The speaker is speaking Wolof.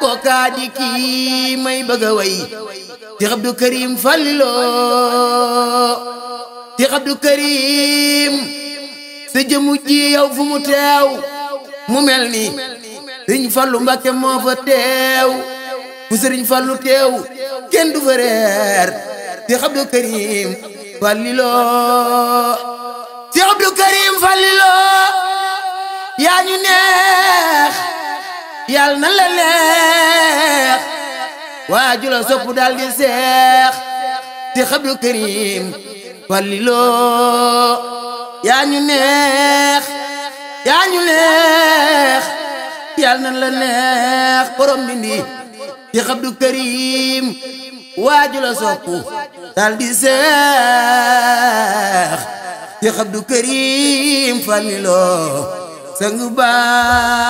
kookaa di kii may bëgg a way ti Abdou Karim Fallilo ti Abdou Karim sa jëmu ji yow fu mu teew mu mel ni Sëriñ Fallu Mbàkke moo fa teew fu Sëriñ Fallu teew kenn du fa reer ti Abdou Karim Fallilo ti Abdou Karim Fallilo yaa ñu ne yàlla na la neex waaju la sopp dal di seex di xabdu karim falliloo yaa ñu neex yaa ñu neex yàlla na la neex borom bindi di xabdu karim waaju la sopp dal di seex di xabdu karim falliloo sangu baa